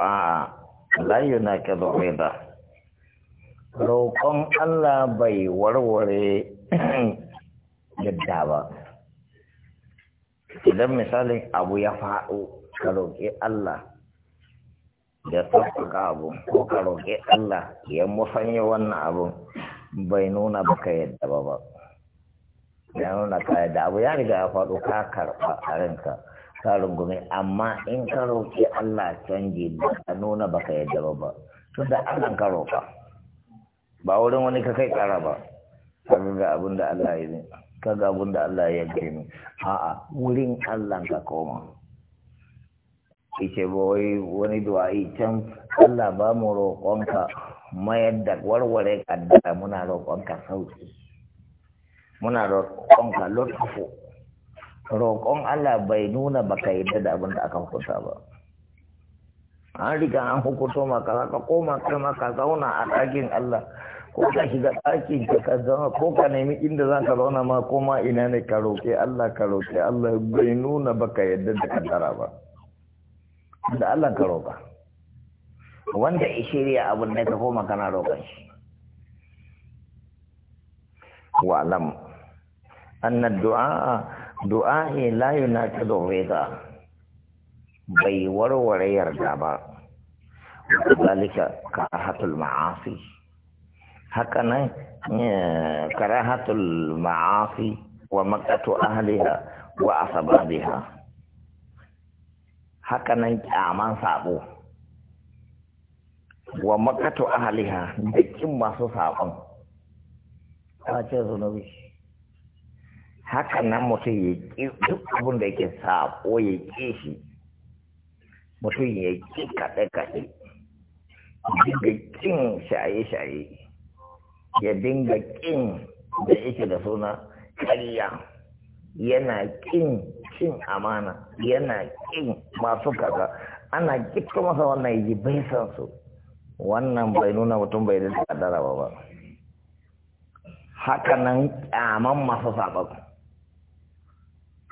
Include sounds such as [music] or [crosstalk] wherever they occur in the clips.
du'a la yunakidu rida roƙon Allah bai warware [clears throat] yadda ba idan misalin abu ya faɗo ka roƙi Allah ya sauƙaƙa abu ko ka roƙi Allah ya musanya wannan abu bai nuna baka yadda ba ba ya nuna ka yadda abu ya riga ya faɗo ka karɓa a ranka ka rungume amma in ka roƙi Allah canji ba ka nuna ba ka yadda ba ba tun da Allah ka roƙa ba wurin wani ka kai ƙara ba ka ga abin da Allah ya yi ka ga abin da Allah ya yi a'a wurin Allah ka koma ice ba wai wani du'a'i can Allah ba mu roƙonka mayar da warware da muna roƙonka sauki muna roƙonka lutfu roƙon Allah bai nuna baka yadda da abin da aka hukunta ba an riga an hukunto maka za ka koma kai ka zauna a ɗakin Allah ko ka shiga ɗakin ka ka zama ko ka nemi inda za ka zauna ma ko ma ina ne ka roƙe Allah ka roƙe Allah bai nuna baka yadda da kaddara ba da Allah ka roƙa wanda ya shirya abin da ka koma kana roƙon shi wa'lam anna du'a Du'a du'a'i la yunaqadu rida bai warware yarda ba zalika karahatul ma'asi haka nan eh, karahatul ma'asi wa maqatu ahliha wa asbabiha haka nan kyaman sabo wa maqatu ahliha da kin masu sabon ta ce zunubi haka nan mutum ya ƙi duk abin da yake sabo ya ƙi shi mutum ya ƙi kaɗe-kaɗe dinga ƙin shaye-shaye ya dinga ƙin da yake da suna karya yana ƙin cin amana yana ƙin masu kaza ana gitto masa wannan yi bai san su wannan bai nuna mutum bai da ba ba haka nan ƙyaman masu sababu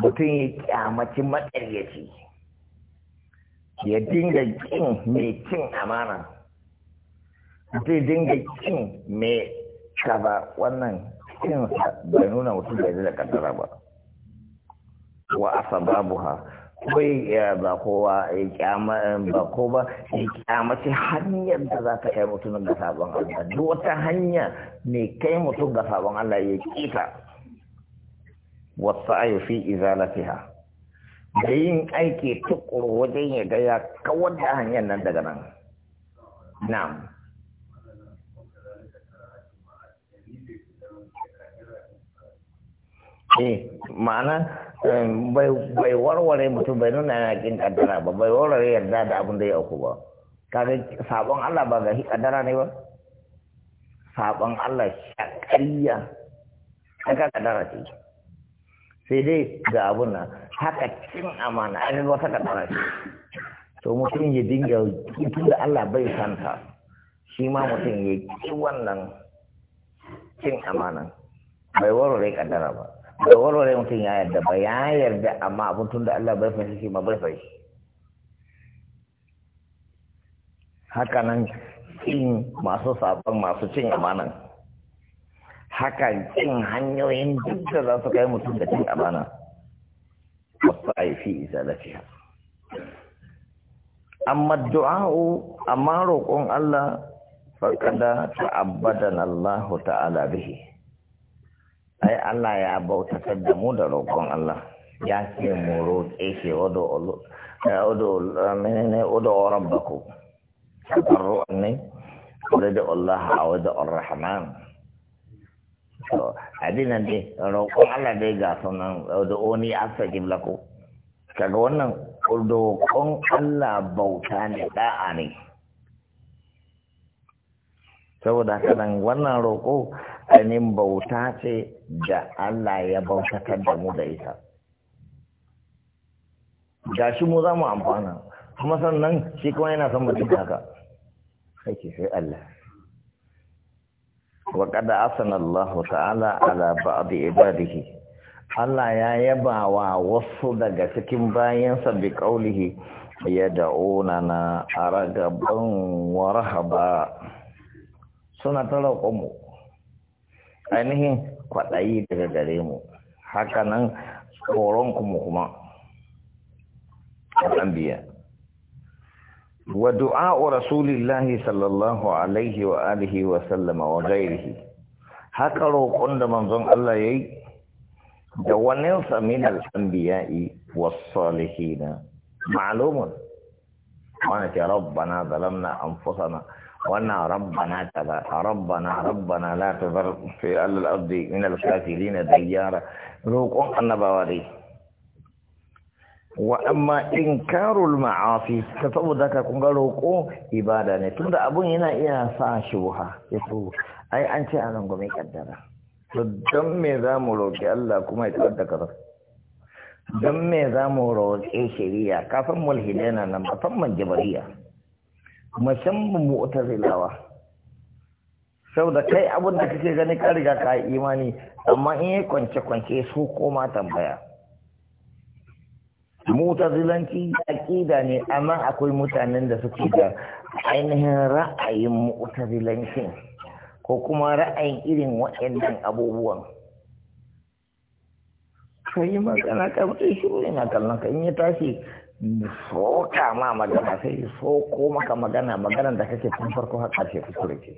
mutum ya kyamaci matsaryaci ya dinga kin mai cin amana mutum ya dinga kin mai kaba wannan kinsa bai nuna mutum bai da kaddara ba wa ha kawai ba kowa ya kyama ba ko ba ya kyamaci hanyar da za ka kai mutum ga sabon Allah duk wata hanya mai kai mutum ga sabon Allah ya kita والسعي في إزالتها da yin aiki tukuru wajen ya ga ya kawar da hanyar nan daga nan na'am eh ma'ana bai warware mutum bai nuna yana kin kaddara ba bai warware yarda da abin da ya auku ba kaga sabon Allah ba ga kaddara ne ba sabon Allah shakariya kaga kaddara ce sai dai ga abun nan haka cin amana ai ga wata kaɗara shi to mutum ya dinga tun da Allah bai santa shi ma mutum ya ki wannan cin amana bai warware kaddara ba bai warware mutum ya yarda ba ya yarda amma abun tun da Allah bai fashi shi ma bai fashi haka nan cin masu sabon masu cin amanan hakan cin hanyoyin duk da za su kai mutum da cin amana wasu aifi isa lafiya amma du'a'u amma roƙon Allah faƙada ta'abbadan Allah ta'ala bihi ai Allah ya bautatar da mu da roƙon Allah ya ce mu roƙe shi wado odo menene odo rabbaku tabarru'an ne a الله عود rahman. adinan dai roƙon Allah dai ga sunan da oni astajib lako kaga wannan roƙon Allah bauta ne da'a ne saboda haka wannan roƙo ainihin bauta ce da Allah ya bautatar da mu da ita shi mu za mu amfana kuma sannan shi kuma yana son mutum haka sai sai Allah وقد أثنى الله تعالى على بعض عباده Allah ya yaba wa wasu daga cikin bayansa bi kaulihi ya da'una na a ragaban wara suna ta roƙonmu ainihin kwaɗayi daga gare mu hakanan tsoron kuma kuma an biya ودعاء رسول الله صلى الله عليه وآله وسلم وغيره haka roƙon da manzon Allah ya yi da waninsa min al'ambiya'i wasu na ma'alumun wani ke rabbana zalamna anfusana wannan rabbana kaza rabbana rabbana la tazar fi al-ardi min al roƙon annabawa dai wa amma inkarul ma'afi ta saboda ka kun ga roƙo ibada ne tunda abun yana iya sa shi wuha. ya so ai an ce a rangwame kaddara to don me za mu roƙi Allah kuma ya tsada ka don me za mu roƙi shari'a kafin mulhidena nan musamman jabariya musamman mu'tazilawa saboda kai abin da kake gani ka riga ka imani amma in yi kwance-kwance su koma tambaya mutazilanci aƙida ne amma akwai mutanen da suke da ainihin ra'ayin mutazilancin ko kuma ra'ayin irin waɗannan abubuwan ka yi magana ka mutu shiru na kallon ka in ya tashi soka ma magana sai soko maka magana magana da kake tun farko har ƙarshe kuskure ke.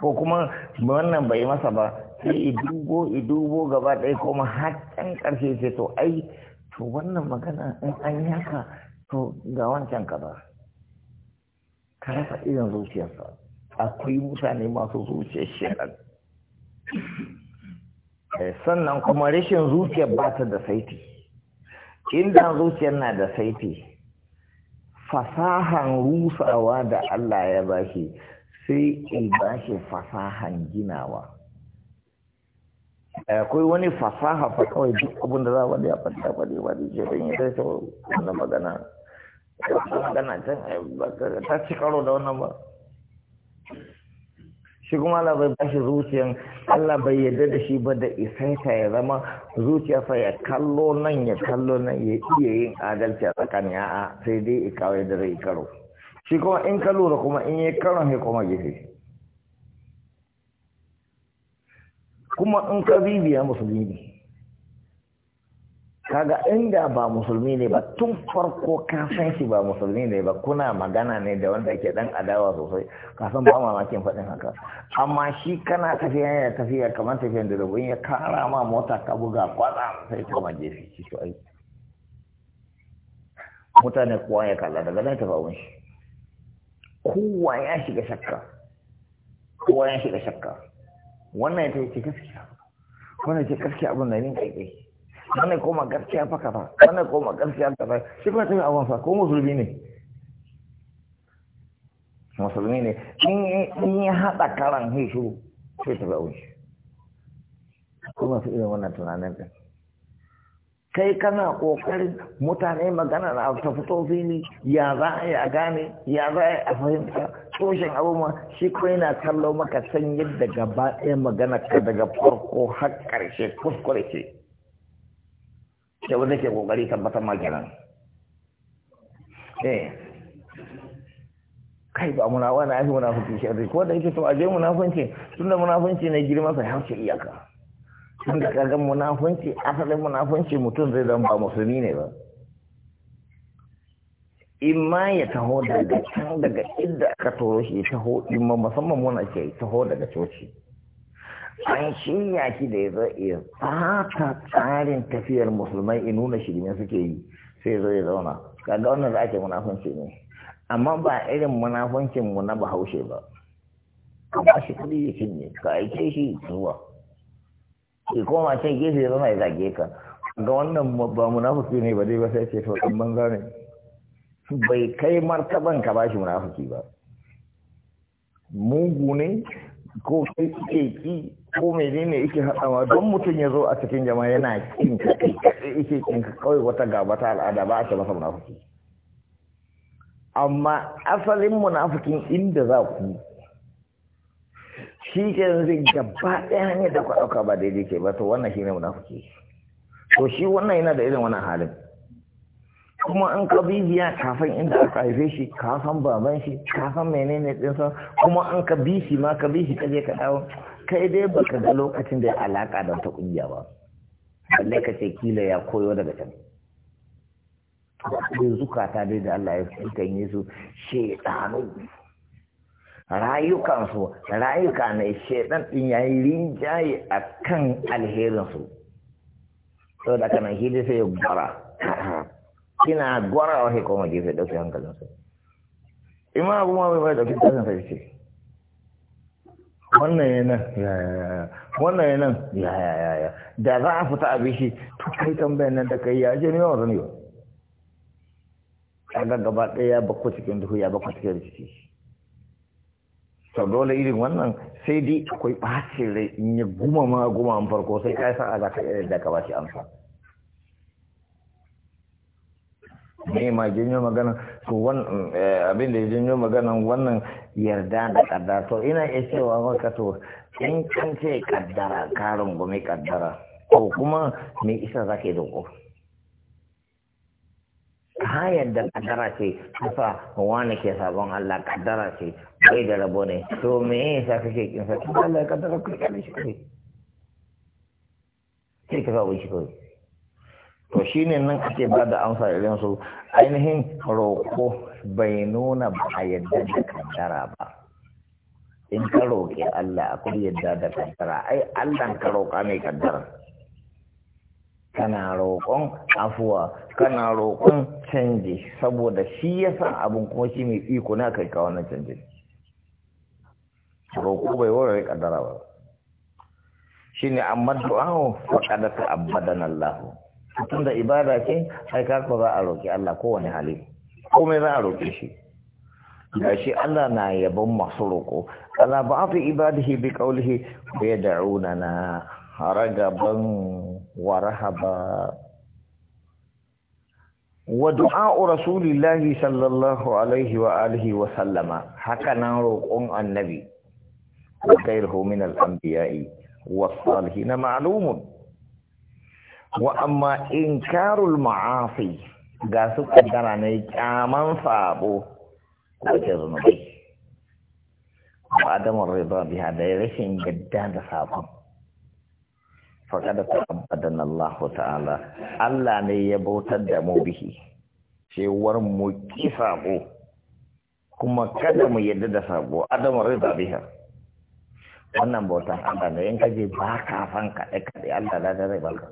ko kuma wannan bai masa ba sai idubo idubo gaba ɗaya kuma haccan ƙarshe sai to ai to wannan magana in an yi haka to ga wancan ka ba ka rasa irin zuciyarsa akwai mutane masu zuciyar shekar eh, sannan kuma rashin zuciyar ba ta da saiti inda zuciyar na da saiti fasahan rusawa da Allah ya ba bashi sai in ba shi fasahan ginawa akwai wani fasaha fa kawai duk abin da za a wani ya fata wani wani ce don ya sai sau wani magana magana can ta ci karo da wannan ba shi kuma Allah bai bashi zuciyan Allah bai yarda da shi ba da isaita ya zama zuciya sa ya kallo nan ya kallo nan ya iya yin adalci a tsakanin a sai dai ikawai da zai karo shi kuma in ka lura kuma in yi karon sai kuma gefe kuma in ka bibiya musulmi ne kaga inda ba musulmi ne ba tun farko ka san shi ba musulmi ne ba kuna magana ne da wanda ke dan adawa sosai ka ba mamakin faɗin haka amma shi kana tafiya ya tafiya kamar tafiyan da rubun ya kara ma mota ka buga kwatsa sai kuma jefi shi shi aiki mutane kuwa ya kalla daga nan tafawun shi kowa ya shiga shakka kowa ya shiga shakka wannan ita ce gaskiya wannan ce gaskiya abin da min kaikai wannan kuma gaskiya fa kaza wannan kuma gaskiya kaza shi kuma tafi abin fa ko musulmi ne musulmi ne in ya hada karan hisu sai ta ba wuce kuma su irin wannan tunanin ɗin kai kana kokarin mutane magana na ta fito fili ya za a yi a gane ya za a yi a fahimta tushen abubuwa. shi kai yana kallo maka san yadda gaba ɗaya magana ka daga farko har ƙarshe kuskure ce da wanda ke kokari tabbatar magana. eh kai ba muna wani ake munafunci shi ko da yake to je munafunci tunda munafunci na girma sai har iyaka tun da kagan munafunci asalin munafunci mutum zai zama ba musulmi ne ba in ma ya taho daga can daga inda aka toro shi taho in ma musamman muna ke taho daga coci an shirya shi da ya zo ya fata tsarin tafiyar musulmai in nuna shirme suke yi sai zo ya zauna kaga wannan za ake munafunci ne amma ba irin munafuncin mu na bahaushe ba amma shi kudi ya ne ka aike shi zuwa ke koma can gefe ya zama ya zage ka ga wannan ba munafiki ne ba dai ba sai ce to dan banza ne bai kai martaban ka bashi munafiki ba mugu ne ko kai ke ki ko ne yake haɗawa don mutum ya zo a cikin jama'a yana kin kai yake kin kawai wata gaba ta al'ada ba a ce masa munafiki amma asalin munafukin inda za ku shi ke yanzu gaba ɗaya ne da ɗauka ba daidai ke ba to wannan shi ne munafiki to shi wannan yana da irin wannan halin kuma an ka bibiya kafin inda aka haife shi kafin baban shi kafin menene ɗinsa kuma an ka bi shi ma ka bi shi ka je ka dawo kai dai baka ga lokacin da ya alaka da ta ƙungiya ba balle ka ce kila ya koyo daga can akwai zukata dai da Allah ya fi kan yi su shedanu rayukansu rayuka ne shaidan din yayi rinjaye akan alherinsu to da kana hidi sai gwara kina gwara wa koma gefe dauke hankalinsu ima abu ma bai dauki tsarin sai ce wannan yana ya ya wannan yana ya ya ya ya da za a fita a bishi to kai tambayar nan da kai ya je ne yawan sani ba kaga gaba daya bakwai cikin duhu ya bakwai cikin rikici to dole irin wannan sai dai akwai ɓacin rai in yi guma ma guma an farko sai ka sa a zaka da ka bashi amsa ne ma janyo magana su wannan eh, abin da ya janyo magana wannan yarda da kaddara to ina iya cewa maka to in kan ce kaddara karin gumi kaddara ko kuma me isa zaka yi dogo? ka yadda kaddara ce kusa wani ke sabon Allah kaddara ce bai da rabo ne to me yasa kake kin sa to Allah ya kaddara ku kana shi kai sai ka ba shi kai to shine nan ake ba da amsa irin su ainihin roƙo bai nuna ba a yadda da kaddara ba in ka roƙi Allah akwai yadda da kaddara ai Allah ka roƙa mai kaddara kana roƙon afuwa kana roƙon canji saboda shi yasa abin kuma shi mai iko na kai ka wannan canji. roƙo bai warware kaddara ba shine amma du'a'u faqad ta'abbadana Allah tunda ibada ce sai ka ko za a roki Allah kowane hali komai za a roki shi gashi Allah na yabon masu roƙo ala ba'fi ibadihi bi qawlihi yad'una na haragaban wa wa du'a'u rasulillahi sallallahu alaihi wa alihi wa sallama haka nan roƙon annabi وخيره من الأنبياء والصالحين معلوم وأما إنكار المعاصي قاسو الدراني عن صابو فابو نبي وعدم الرضا بها يرشن جدا صابو فقد تعبدنا الله تعالى ألا نيبوت الدم به شوار مكي فابو كما كدم يدد صابو عدم الرضا بها wannan bautan Allah ne in kaje ba ka fan ka kaɗe Allah da zai baka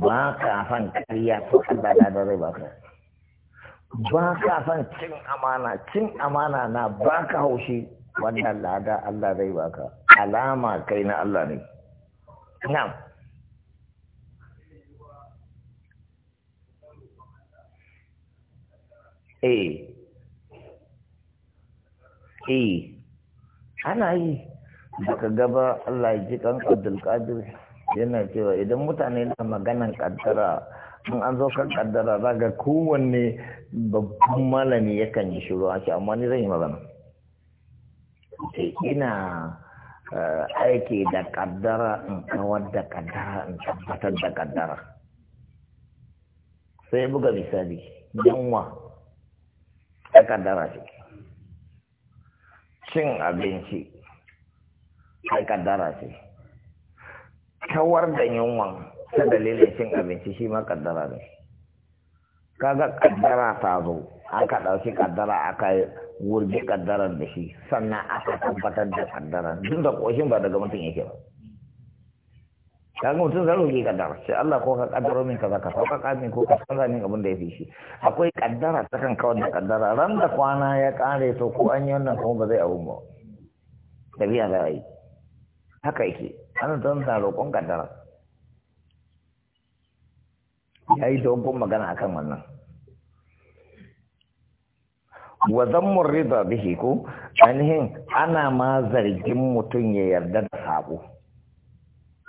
ba ka fan kariya to Allah da zai baka ba ka fan cin amana cin amana na ba ka haushi wannan lada Allah zai baka alama kai na Allah ne na'am eh eh ana yi baka gaba Allah ya ji kan Qadir yana cewa idan mutane na maganan kaddara in an zo kan kaddara za kowanne babban malami yakan yi shiru a ce amma ni zan yi magana ina eh, aiki da kaddara in kawar da kaddara in tabbatar da kaddara sai buga misali yanwa ta kaddara ce cin abinci ai kaddara ce kawar da yunwan ta dalilin cin abinci shi ma kaddara ne kaga kaddara ta zo aka ɗauki kaddara aka wurgi kaddara da shi sannan aka tabbatar da kaddara, duk da ƙoshin ba daga mutum yake ba Ka ga mutum zan roƙi kaddara sai Allah ko ka kaddaro min kaza ka sauka min ko ka canza min abin da ya fi shi akwai kaddara ta kan kawar da kaddara ran da kwana ya kare to ko an yi wannan kuma ba zai abu ba tafiya za a yi haka yake ana ta sa roƙon kaddara ya yi dogon magana akan wannan wa zammun riba bihi ko ainihin ana ma zargin mutum ya yarda da sabo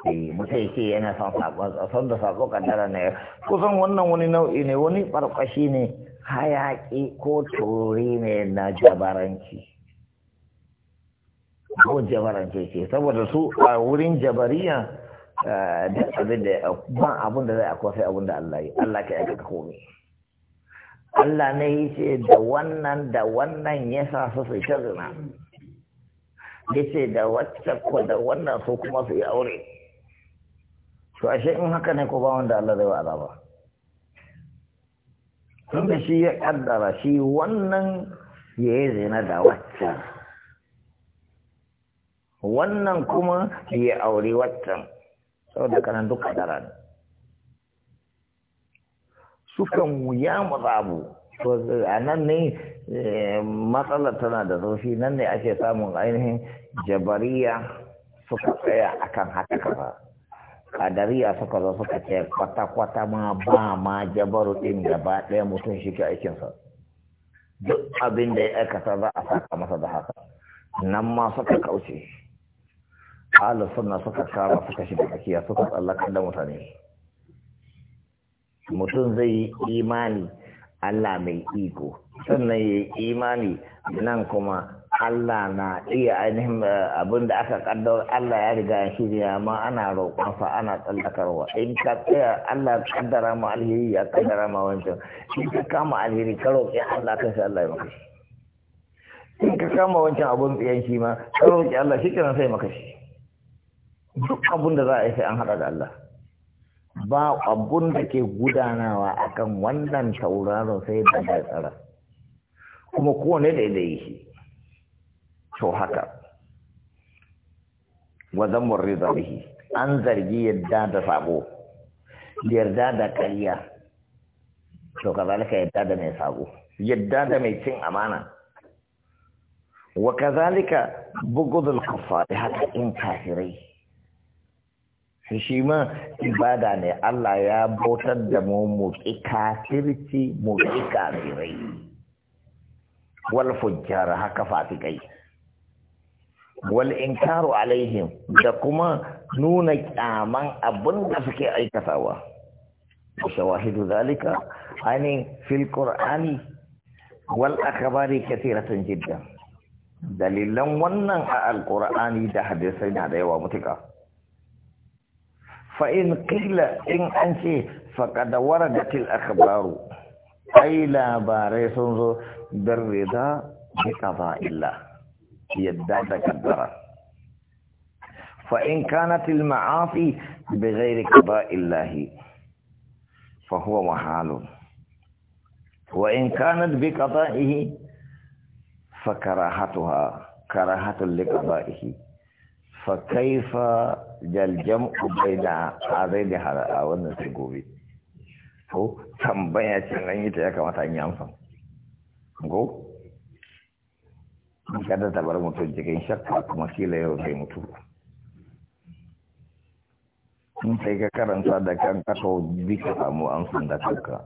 eh mutai ce yana son a son da sabo kaddara ne kusan wannan wani nau'i ne wani barkashi ne hayaki ko turi ne na jabaranci ko jabaranci ce saboda su a wurin jabariya eh, da abin da ban abin da zai akwai sai abin da Allah yi Allah ka aikata komai Allah ne ya ce da wannan da wannan ya sa su su ta zina ya ce da wacce ko da wannan su kuma su yi aure to ashe in haka ne ko ba wanda Allah zai wa azaba tunda shi ya kaddara shi wannan ya yi zina da waccan wannan kuma ya aure waccan saboda kanan duk kaddara ne sukan wuya mu to a nan ne eh, matsalar tana da zurfi nan ne ake samun ainihin jabariya suka tsaya akan haka kafa kadariya suka zo suka ce kwata-kwata ma ba ma jabaru ɗin gaba ɗaya mutum shi ke aikinsa duk abin da ya aikata za a saka masa da haka nan ma suka kauce ala sunna suka kama suka shiga tsakiya suka tsallaka da mutane mutum zai yi imani Allah mai iko sannan ya yi imani nan kuma Allah na iya ainihin eh, abin da aka kaddar Allah ya riga ya shirya ma ana roƙonsa ana tsallakarwa in ka tsaya Allah ya kaddara ma alheri ya kaddara ma wancan in ka kama alheri ka roƙi Allah ka sai Allah ya maka shi in ka kama wancan abun tsayen shi ma ka roƙi Allah shi kenan sai maka shi duk abun da za a yi sai an haɗa da Allah ba abun da ke gudanawa akan wannan tauraron sai da ya tsara kuma kowane da ya yi shi to haka wazan murrida bihi an zargi yadda da sabo yarda da ƙarya to kazalika yadda da mai sabo yadda da mai cin amana wa kazalika bugudul kuffari haka in kafirai shi ma ibada ne Allah ya bautar da mu mu ƙi kafirci mu ƙi kafirai wal fujjar haka fasikai wal inkaru alaihim da kuma nuna kyaman abin da suke aikatawa shawahidu zalika ani fil qur'ani wal akhbari kathiratan jiddan dalilan wannan a alqur'ani da hadisai na da yawa mutuka fa in qila in an ce faqad waradatil akhbaru ai labarai sun zo darida rida bi qada'illah هي دابك فإن كانت المعاصي بغير قضاء الله فهو محال وإن كانت بقضائه فكراهتها كراهة لقضائه فكيف جل جمع بين عزيز هذا أول نسي هو تنبيه تنبيه تنبيه تنبيه تنبيه kada ta bar mutum shak shakka kuma kila yau zai mutu in sai ka karanta da kan kaso bi ka samu an da kanka